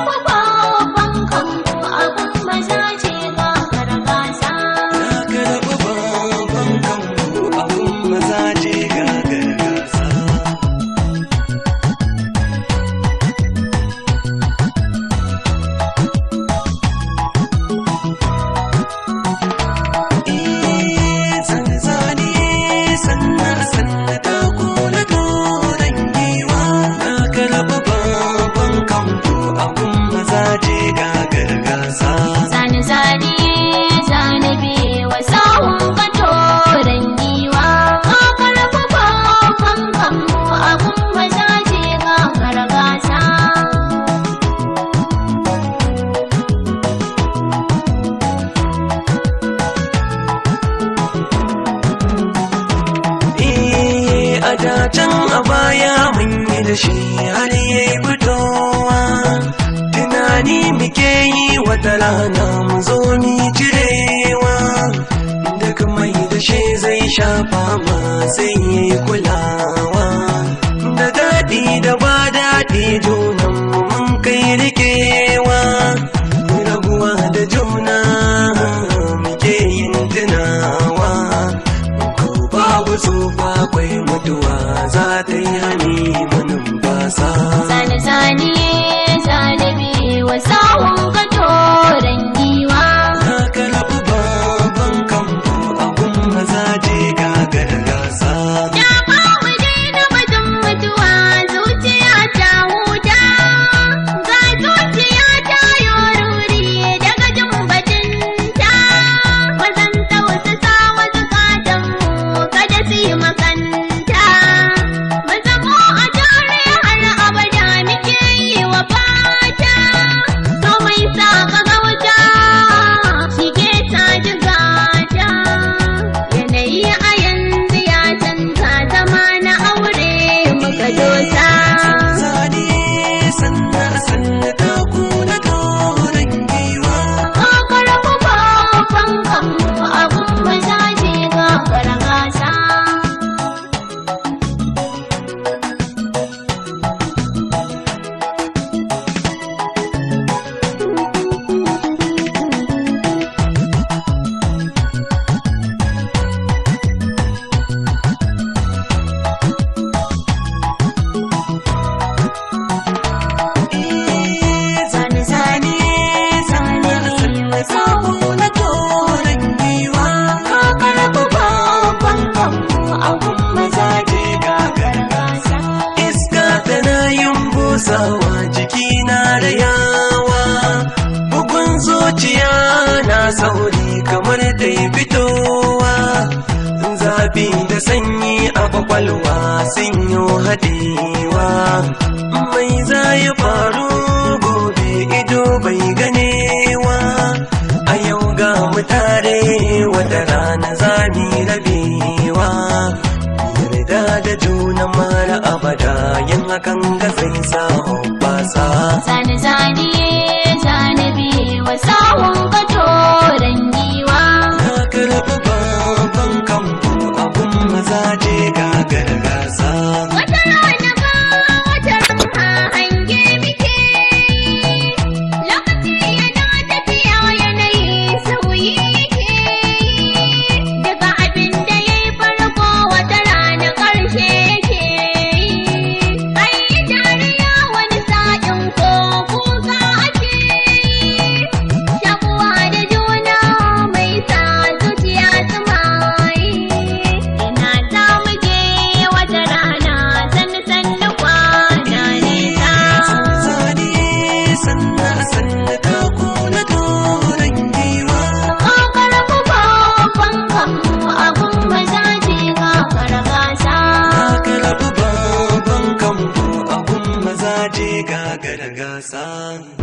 Oh. da can a baya mun yi da shi har ya yayi fitowa tunani muke yi wata rana mu zo ni cirewa duk mai da shi zai shafa ma sai yi kulawa da daɗi da ba daɗi junan mun kai rikewa rabuwa da juna muke yin tunawa ko babu tsufa akwai mutuwa za ta yi hannu manin basa. Zane-zane. sawa jiki na da yawa, bugun zuciya na sauri kamar yi fitowa zafi da sanyi a kwakwalwa sun yi haɗewa mai zaya na mara abada yin hakan ga zai sa hoɓɓasa zane zane Nagasang